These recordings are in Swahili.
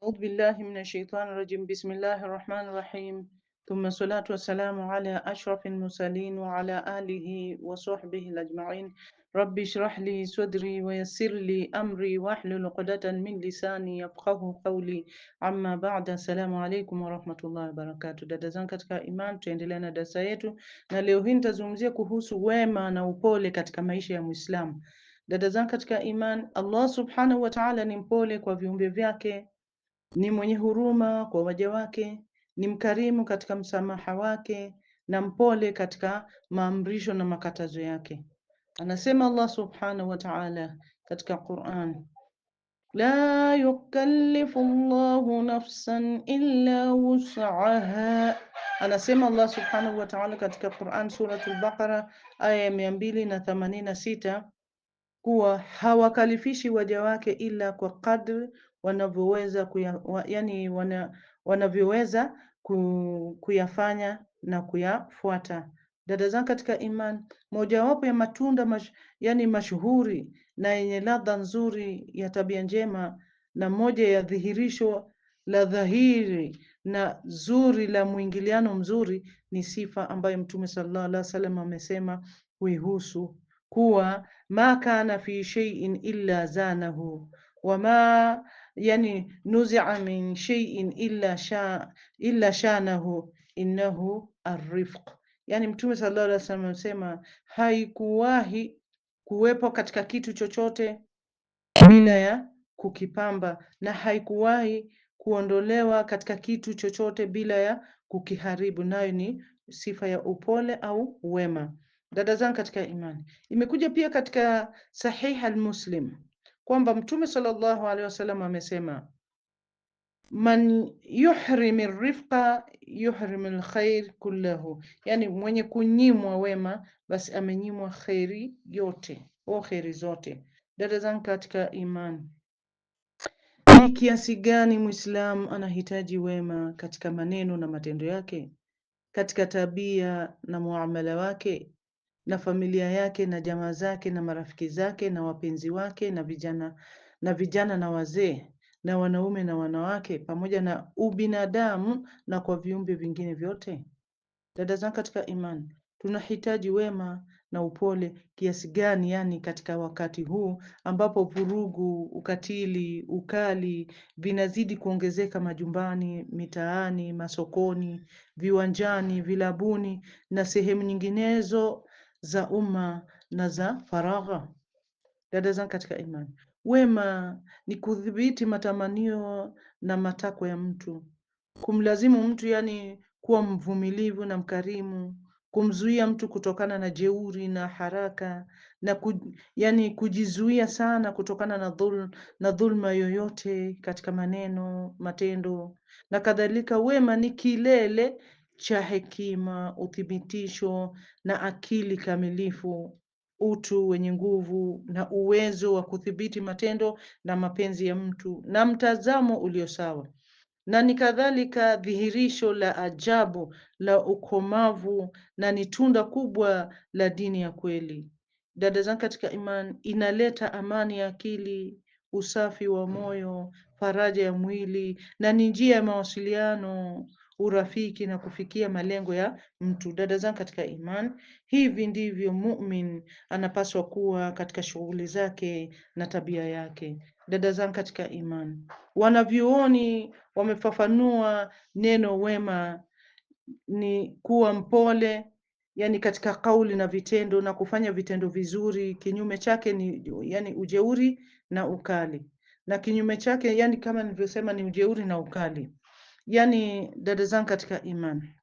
Audhu billahi minashaitanir rajim. Bismillahir rahmanir rahim. Thumma salatu wassalamu ala ashrafil mursalin wa ala alihi wa sahbihi ajma'in. Rabbi shrah li sadri wa yassir li amri wahlul uqdatan min lisani yafqahu qawli. Amma ba'da, assalamu alaykum wa rahmatullahi wa barakatuh. Dada zangu katika iman, tuendelea na darasa yetu, na leo hii nitazungumzia kuhusu wema na upole katika maisha ya Muislamu. Dada zangu katika iman, Allah subhanahu wa ta'ala ni mpole kwa viumbe vyake ni mwenye huruma kwa waja wake, ni mkarimu katika msamaha wake, na mpole katika maamrisho na makatazo yake. Anasema Allah subhanahu wa ta'ala katika Quran, la yukallifu llahu nafsan illa wus'aha. Anasema Allah subhanahu wa ta'ala katika Quran suratul Baqara aya ya mia mbili na themanini na sita kuwa hawakalifishi waja wake ila kwa kadri wanavyoweza kuya, wa, yani wana, wanavyoweza kuyafanya na kuyafuata. Dada zangu katika iman, mojawapo ya matunda mash, yani mashuhuri na yenye ladha nzuri ya tabia njema na moja ya dhihirisho la dhahiri na zuri la mwingiliano mzuri ni sifa ambayo Mtume sallallahu alaihi wasallam amesema kuihusu kuwa ma kana fi shay'in illa zanahu ma yani nuzia min shay'in illa sha illa shanahu innahu arifq, yani Mtume sallallahu alaihi wasallam amesema haikuwahi kuwepo katika kitu chochote bila ya kukipamba na haikuwahi kuondolewa katika kitu chochote bila ya kukiharibu, nayo ni sifa ya upole au wema. Dada zangu katika imani, imekuja pia katika Sahih al-Muslim kwamba Mtume sallallahu alaihi wasallam amesema, man yuhrimi rifqa yuhrimi lkhair kullahu, yani mwenye kunyimwa wema basi amenyimwa kheri yote au kheri zote. Dada zangu katika imani, ni kiasi gani Muislamu anahitaji wema katika maneno na matendo yake, katika tabia na muamala wake na familia yake na jamaa zake na marafiki zake na wapenzi wake na vijana na vijana na wazee na wanaume na wanawake pamoja na ubinadamu na kwa viumbe vingine vyote. Dada zangu katika imani, tunahitaji wema na upole kiasi gani? Yani, katika wakati huu ambapo vurugu, ukatili, ukali vinazidi kuongezeka majumbani, mitaani, masokoni, viwanjani, vilabuni na sehemu nyinginezo za umma na za faragha. Dada zangu katika imani, wema ni kudhibiti matamanio na matakwa ya mtu, kumlazimu mtu yani kuwa mvumilivu na mkarimu, kumzuia mtu kutokana na jeuri na haraka na ku, yani kujizuia sana kutokana na dhul, na dhulma yoyote katika maneno, matendo na kadhalika. Wema ni kilele cha hekima, uthibitisho na akili kamilifu, utu wenye nguvu na uwezo wa kudhibiti matendo na mapenzi ya mtu na mtazamo ulio sawa, na ni kadhalika dhihirisho la ajabu la ukomavu na ni tunda kubwa la dini ya kweli. Dada zangu katika imani, inaleta amani ya akili, usafi wa moyo, faraja ya mwili na ni njia ya mawasiliano urafiki na kufikia malengo ya mtu. Dada zangu katika iman, hivi ndivyo mumin anapaswa kuwa katika shughuli zake na tabia yake. Dada zangu katika iman, wanavyuoni wamefafanua neno wema ni kuwa mpole yani katika kauli na vitendo na kufanya vitendo vizuri. Kinyume chake ni yani ujeuri na ukali, na kinyume chake yani kama nilivyosema ni ujeuri na ukali. Yani dada zangu katika imani,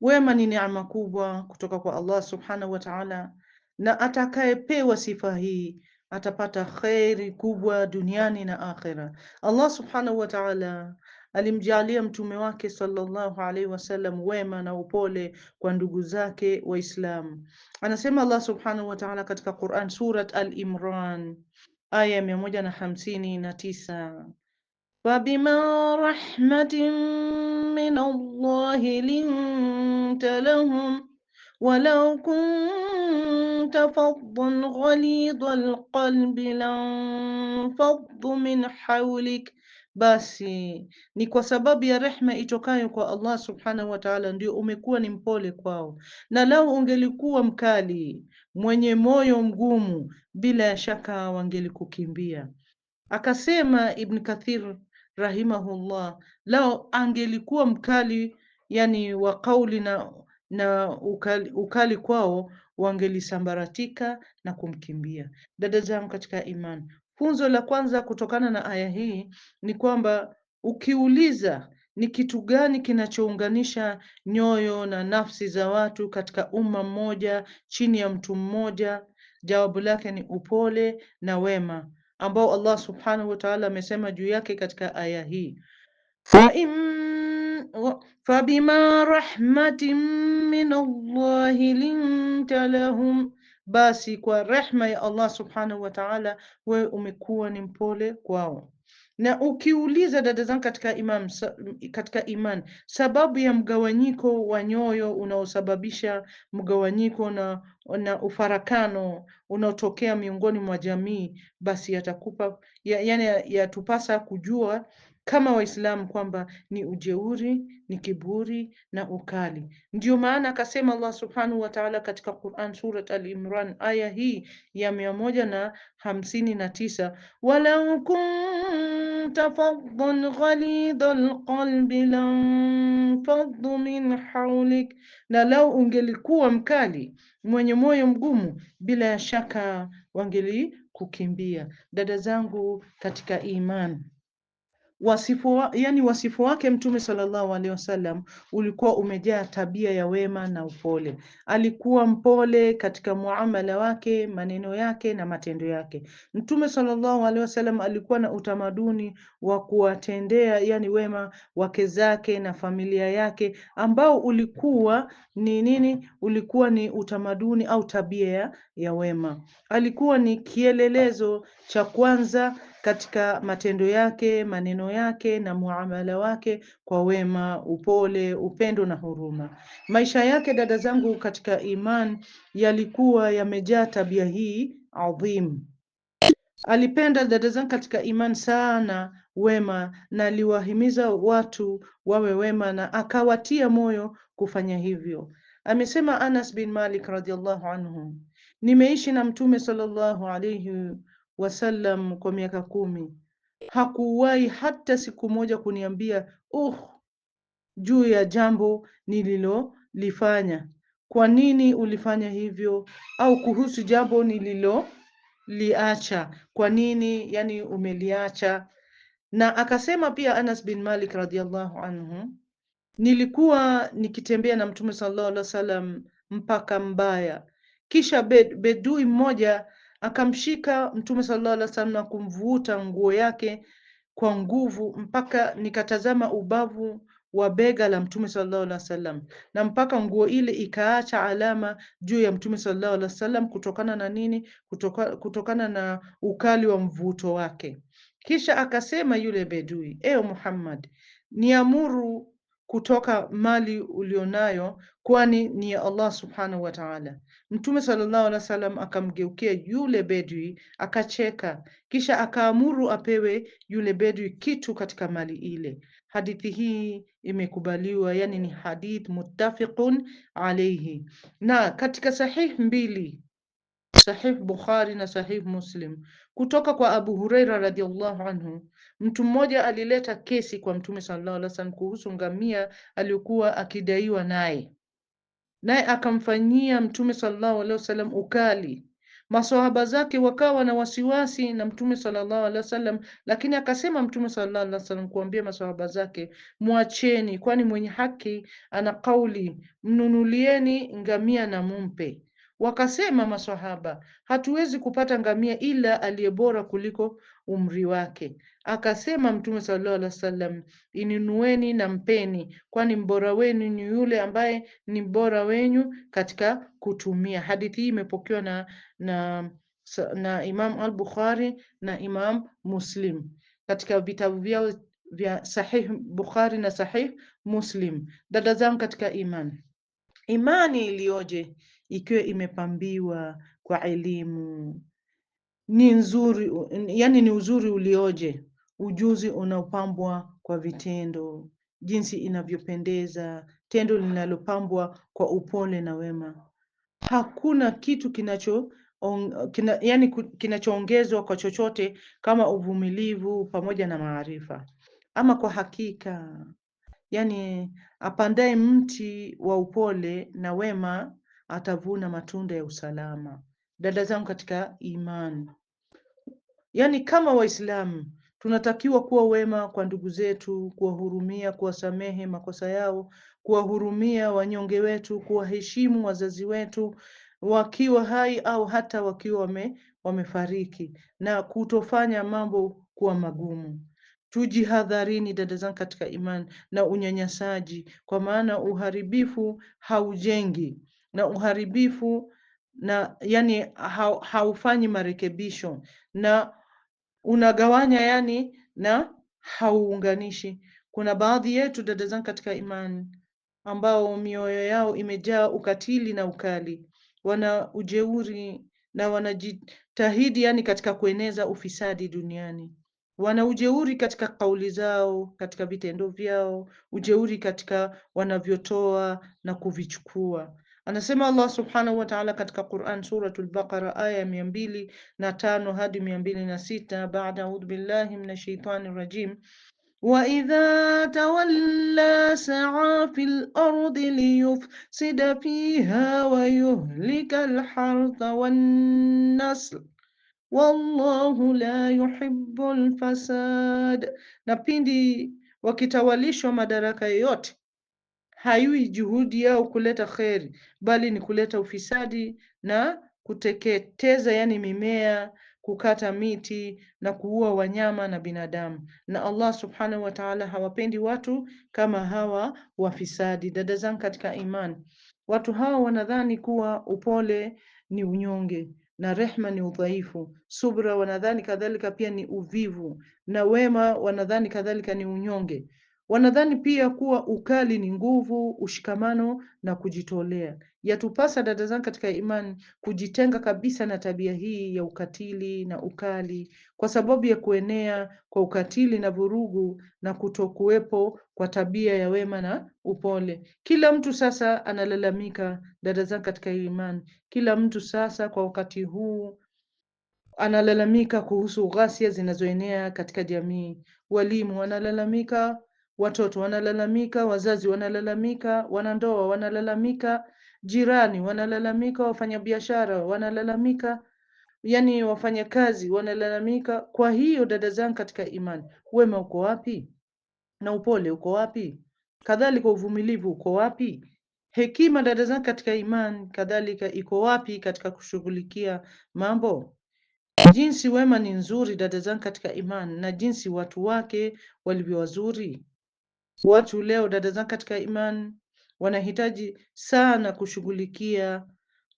wema ni neema kubwa kutoka kwa Allah subhanahu wa ta'ala, na atakayepewa sifa hii atapata kheri kubwa duniani na akhera. Allah subhanahu wa ta'ala alimjalia mtume wake sallallahu alaihi wasallam wema na upole kwa ndugu zake Waislamu. Anasema Allah subhanahu wa ta'ala katika Quran, Surat Al-Imran aya ya mia moja na hamsini na tisa فبما رحمة من الله لنت لهم ولو كنت فظا غليظ القلب lanfaddu min hawlik, basi ni kwa sababu ya rehma itokayo kwa Allah subhanahu wa ta'ala, ndio umekuwa ni mpole kwao, na lau ungelikuwa mkali, mwenye moyo mgumu, bila shaka wangelikukimbia. Akasema Ibn Kathir rahimahullah, lao angelikuwa mkali yani wa kauli na, na ukali, ukali kwao wangelisambaratika na kumkimbia. Dada zangu katika imani, funzo la kwanza kutokana na aya hii ni kwamba ukiuliza ni kitu gani kinachounganisha nyoyo na nafsi za watu katika umma mmoja chini ya mtu mmoja, jawabu lake ni upole na wema ambao Allah subhanahu wa ta'ala amesema juu yake katika aya hii bima rahmatin min Allah linta lahum, basi kwa rehma ya Allah subhanahu wa ta'ala, wewe umekuwa ni mpole kwao. Na ukiuliza dada zangu katika imam, katika iman, sababu ya mgawanyiko wa nyoyo unaosababisha mgawanyiko na, na ufarakano unaotokea miongoni mwa jamii, basi yatakupa ya, yani yatupasa kujua kama Waislamu kwamba ni ujeuri, ni kiburi na ukali. Ndiyo maana akasema Allah subhanahu wa ta'ala katika Quran Surat Al-Imran aya hii ya mia moja na hamsini na tisa walau kunta faddan ghalidhal qalbi lanfaddu min hawlik, na lau ungelikuwa mkali mwenye moyo mgumu, bila ya shaka wangeli kukimbia. Dada zangu katika imani wasifu wa, yani wasifu wake Mtume sallallahu alaihi wasallam ulikuwa umejaa tabia ya wema na upole. Alikuwa mpole katika muamala wake, maneno yake na matendo yake. Mtume sallallahu alaihi wasallam alikuwa na utamaduni wa kuwatendea yani wema wake zake na familia yake, ambao ulikuwa ni nini? Ulikuwa ni utamaduni au tabia ya wema. Alikuwa ni kielelezo cha kwanza katika matendo yake, maneno yake na muamala wake kwa wema, upole, upendo na huruma. Maisha yake dada zangu katika iman yalikuwa yamejaa tabia hii adhim. Alipenda dada zangu katika iman sana wema na aliwahimiza watu wawe wema na akawatia moyo kufanya hivyo. Amesema Anas bin Malik radhiallahu anhu, nimeishi na Mtume sallallahu alayhi wasallam kwa miaka kumi. Hakuwahi hata siku moja kuniambia uh, juu ya jambo nililolifanya, kwa nini ulifanya hivyo, au kuhusu jambo nililoliacha, kwa nini yani umeliacha. Na akasema pia Anas bin Malik radhiallahu anhu, nilikuwa nikitembea na Mtume sallallahu alaihi wasallam mpaka Mbaya, kisha bedui mmoja akamshika Mtume sallallahu alaihi wasallam na kumvuta nguo yake kwa nguvu mpaka nikatazama ubavu wa bega la Mtume sallallahu alaihi wasallam, na mpaka nguo ile ikaacha alama juu ya Mtume sallallahu alaihi wasallam. Kutokana na nini? Kutoka, kutokana na ukali wa mvuto wake. Kisha akasema yule bedui, ewe Muhammad, niamuru kutoka mali ulionayo, kwani ni ya Allah subhanahu wa ta'ala. Mtume sallallahu alaihi wasallam akamgeukia yule bedwi akacheka, kisha akaamuru apewe yule bedwi kitu katika mali ile. Hadithi hii imekubaliwa, yani ni hadith muttafiqun alaihi, na katika sahih mbili Sahih Bukhari na Sahih Muslim kutoka kwa Abu Huraira radhiallahu anhu, mtu mmoja alileta kesi kwa Mtume sallallahu alaihi wasallam kuhusu ngamia aliyokuwa akidaiwa naye, naye akamfanyia Mtume sallallahu alaihi wasallam ukali. Masahaba zake wakawa na wasiwasi na Mtume sallallahu alaihi wasallam, lakini akasema Mtume sallallahu alaihi wasallam kuambia masahaba zake, mwacheni, kwani mwenye haki ana kauli, mnunulieni ngamia na mumpe Wakasema maswahaba, hatuwezi kupata ngamia ila aliye bora kuliko umri wake. Akasema Mtume sallallahu alaihi wasallam, ininueni na mpeni, kwani mbora wenu ni yule ambaye ni mbora wenyu katika kutumia. Hadithi hii imepokewa na, na, na Imam al-Bukhari na Imam Muslim katika vitabu vyao vya Sahih Bukhari na Sahih Muslim. Dada zangu katika imani, imani iliyoje! ikiwa imepambiwa kwa elimu ni nzuri, yani ni uzuri ulioje, ujuzi unaopambwa kwa vitendo, jinsi inavyopendeza, tendo linalopambwa kwa upole na wema. Hakuna kitu kinacho on, kina, yani kinachoongezwa kwa chochote kama uvumilivu pamoja na maarifa. Ama kwa hakika, yani apandaye mti wa upole na wema atavuna matunda ya usalama. Dada zangu katika imani, yaani kama Waislamu tunatakiwa kuwa wema kwa ndugu zetu, kuwahurumia, kuwasamehe makosa yao, kuwahurumia wanyonge wetu, kuwaheshimu wazazi wetu wakiwa hai au hata wakiwa wame, wamefariki na kutofanya mambo kuwa magumu. Tujihadharini dada zangu katika imani na unyanyasaji, kwa maana uharibifu haujengi na uharibifu na yani haufanyi marekebisho na unagawanya yani na hauunganishi. Kuna baadhi yetu dada zangu katika imani ambao mioyo yao imejaa ukatili na ukali, wana ujeuri na wanajitahidi yani katika kueneza ufisadi duniani. Wana ujeuri katika kauli zao, katika vitendo vyao, ujeuri katika wanavyotoa na kuvichukua Anasema Allah subhanahu wa ta'ala katika Quran suratul Baqara aya mia mbili na tano hadi mia mbili na sita baada audhu billahi minash shaitani rajim waidha tawalla saa fi lardi liyufsida fiha wayuhlika lhartha wannasl wallahu la yuhibbu lfasad, na pindi wakitawalishwa madaraka yoyote haiwi juhudi yao kuleta kheri, bali ni kuleta ufisadi na kuteketeza, yani mimea, kukata miti na kuua wanyama na binadamu. Na Allah subhanahu wa ta'ala hawapendi watu kama hawa wafisadi. Dada zangu katika imani, watu hawa wanadhani kuwa upole ni unyonge na rehma ni udhaifu. Subra wanadhani kadhalika pia ni uvivu, na wema wanadhani kadhalika ni unyonge. Wanadhani pia kuwa ukali ni nguvu, ushikamano na kujitolea. Yatupasa dada zangu katika imani kujitenga kabisa na tabia hii ya ukatili na ukali, kwa sababu ya kuenea kwa ukatili na vurugu na kutokuwepo kwa tabia ya wema na upole. Kila mtu sasa analalamika, dada zangu katika imani, kila mtu sasa kwa wakati huu analalamika kuhusu ghasia zinazoenea katika jamii. Walimu wanalalamika watoto wanalalamika, wazazi wanalalamika, wanandoa wanalalamika, jirani wanalalamika, wafanyabiashara wanalalamika, yani wafanyakazi wanalalamika. Kwa hiyo dada zangu katika imani, wema uko wapi? Na upole uko wapi? Kadhalika uvumilivu uko wapi? Hekima dada zangu katika imani, kadhalika iko wapi katika kushughulikia mambo? Jinsi wema ni nzuri dada zangu katika imani, na jinsi watu wake walivyo wazuri. Watu leo, dada zangu katika imani, wanahitaji sana kushughulikia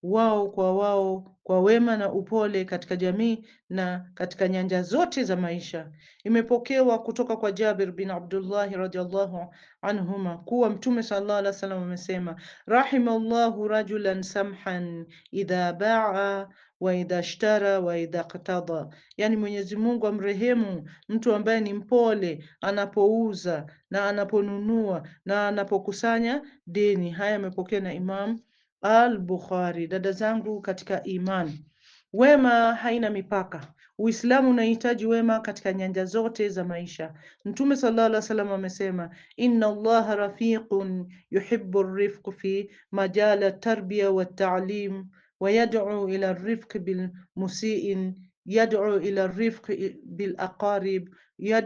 wao kwa wao kwa wema na upole katika jamii na katika nyanja zote za maisha. Imepokewa kutoka kwa Jabir bin Abdullahi radhiallahu anhuma kuwa Mtume sallallahu alaihi wasallam amesema, rahimallahu rajulan samhan idha baa waidha shtara waidha qtada, yani Mwenyezi Mungu amrehemu mtu ambaye ni mpole anapouza na anaponunua na anapokusanya deni. Haya yamepokea na Imam al-Bukhari. Dada zangu katika imani, wema haina mipaka. Uislamu unahitaji wema katika nyanja zote za maisha. Mtume sallallahu alaihi wasallam amesema, inna allaha rafiqun yuhibbu rifq fi majala tarbiya wa taalim wayadu ila rifqi bilmusiin yadu ila rifqi bilaqarib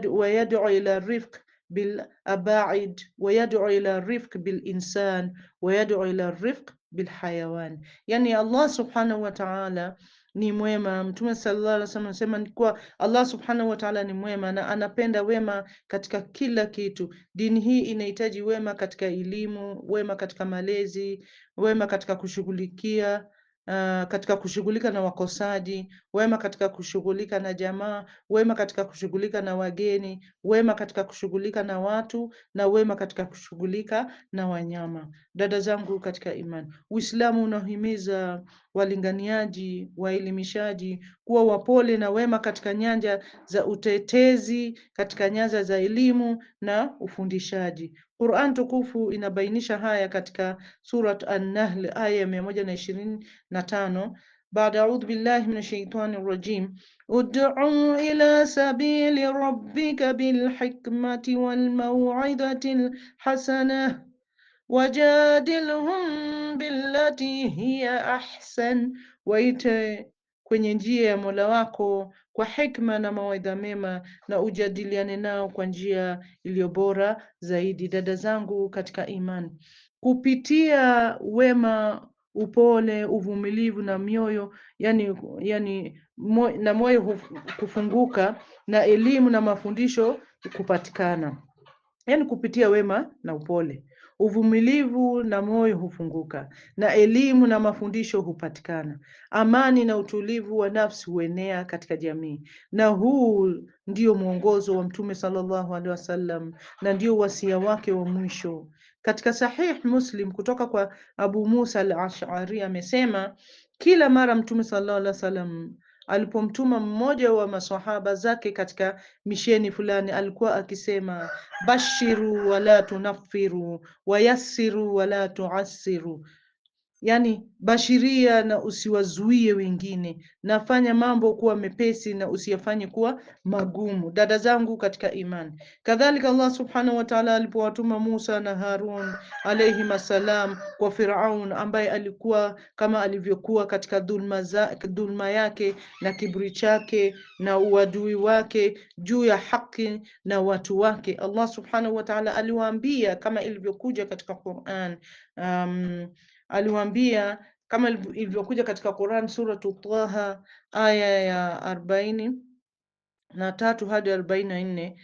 wayadu ila rifqi bilabaid wayadu ila rifqi bilinsan wayadu ila rifqi bilhayawan. Yani Allah subhanahu wa ta'ala ni mwema. Mtume sallallahu alaihi wasallam anasema kuwa Allah subhanahu wa ta'ala ni mwema na anapenda wema katika kila kitu. Dini hii inahitaji wema katika elimu, wema katika malezi, wema katika kushughulikia uh, katika kushughulika na wakosaji, wema katika kushughulika na jamaa, wema katika kushughulika na wageni, wema katika kushughulika na watu, na wema katika kushughulika na wanyama. Dada zangu katika imani, Uislamu unahimiza walinganiaji, waelimishaji kuwa wapole na wema katika nyanja za utetezi, katika nyanja za elimu na ufundishaji. Qur'an tukufu inabainisha haya katika Surat An-Nahl aya ya mia moja na ishirini na tano baada audhu billahi min shaitani rajim ud'u ila sabili rabbika bilhikmati walmaw'idati lhasana wajadilhum billati hiya ahsan, waite kwenye njia ya Mola wako kwa hikma na mawaidha mema na ujadiliane nao kwa njia iliyo bora zaidi. Dada zangu katika imani, kupitia wema, upole, uvumilivu na mioyo yani, yani mo, na moyo kufunguka na elimu na mafundisho kupatikana yaani kupitia wema na upole, uvumilivu na moyo hufunguka, na elimu na mafundisho hupatikana. Amani na utulivu wa nafsi huenea katika jamii, na huu ndio mwongozo wa Mtume sallallahu alaihi wasallam na ndio wasia wake wa mwisho. Katika Sahih Muslim kutoka kwa Abu Musa al-Ash'ari amesema, kila mara Mtume sallallahu alaihi wasallam alipomtuma mmoja wa masahaba zake katika misheni fulani, alikuwa akisema bashiru wala tunaffiru wayassiru wala tuassiru, yani bashiria na usiwazuie wengine, nafanya mambo kuwa mepesi na usiyafanye kuwa magumu. Dada zangu katika imani, kadhalika Allah subhanahu wa ta'ala alipowatuma Musa na Harun alayhi masalam kwa Firaun ambaye alikuwa kama alivyokuwa katika dhulma, za, dhulma yake na kiburi chake na uadui wake juu ya haki na watu wake, Allah subhanahu wa ta'ala aliwaambia kama ilivyokuja katika Qur'an um, aliwaambia kama ilivyokuja katika Quran suratu Taha aya ya arobaini na tatu hadi arobaini na nne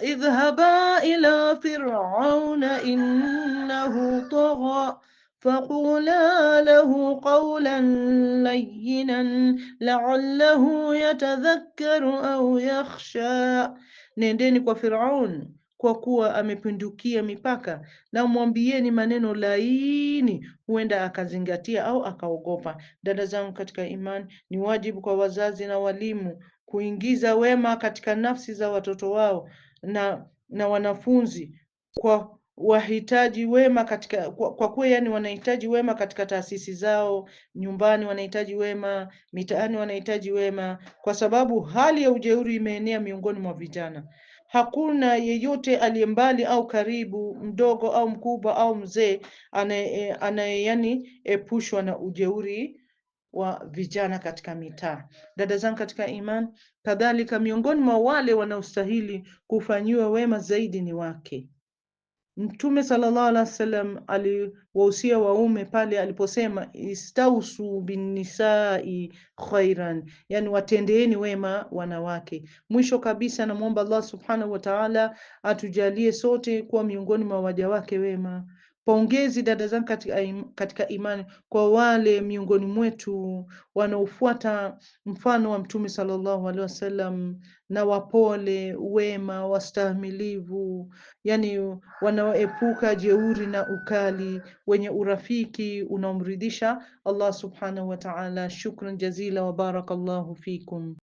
idhhaba ila firauna innahu tagha faqula lahu qawlan layyinan la'allahu yatadhakkaru au yakhsha, nendeni kwa Firaun kwa kuwa amepindukia mipaka, na mwambieni maneno laini, huenda akazingatia au akaogopa. Dada zangu katika imani, ni wajibu kwa wazazi na walimu kuingiza wema katika nafsi za watoto wao na, na wanafunzi kwa wahitaji wema katika kwa, kwa kuwa yani wanahitaji wema katika taasisi zao, nyumbani wanahitaji wema, mitaani wanahitaji wema, kwa sababu hali ya ujeuri imeenea miongoni mwa vijana hakuna yeyote aliye mbali au karibu, mdogo au mkubwa au mzee, e, anaye yani epushwa na ujeuri wa vijana katika mitaa. Dada zangu katika iman, kadhalika miongoni mwa wale wanaostahili kufanyiwa wema zaidi ni wake Mtume sallallahu alaihi wasallam aliwahusia waume pale aliposema istausu binisai khairan, yani watendeeni wema wanawake. Mwisho kabisa, namwomba Allah subhanahu wa ta'ala atujalie sote kuwa miongoni mwa waja wake wema. Pongezi dada zangu katika, katika imani kwa wale miongoni mwetu wanaofuata mfano wa Mtume sallallahu alaihi wasallam, na wapole, wema, wastahimilivu, yani wanaoepuka jeuri na ukali, wenye urafiki unaomridhisha Allah subhanahu wa ta'ala. Shukran jazila wa barakallahu fikum.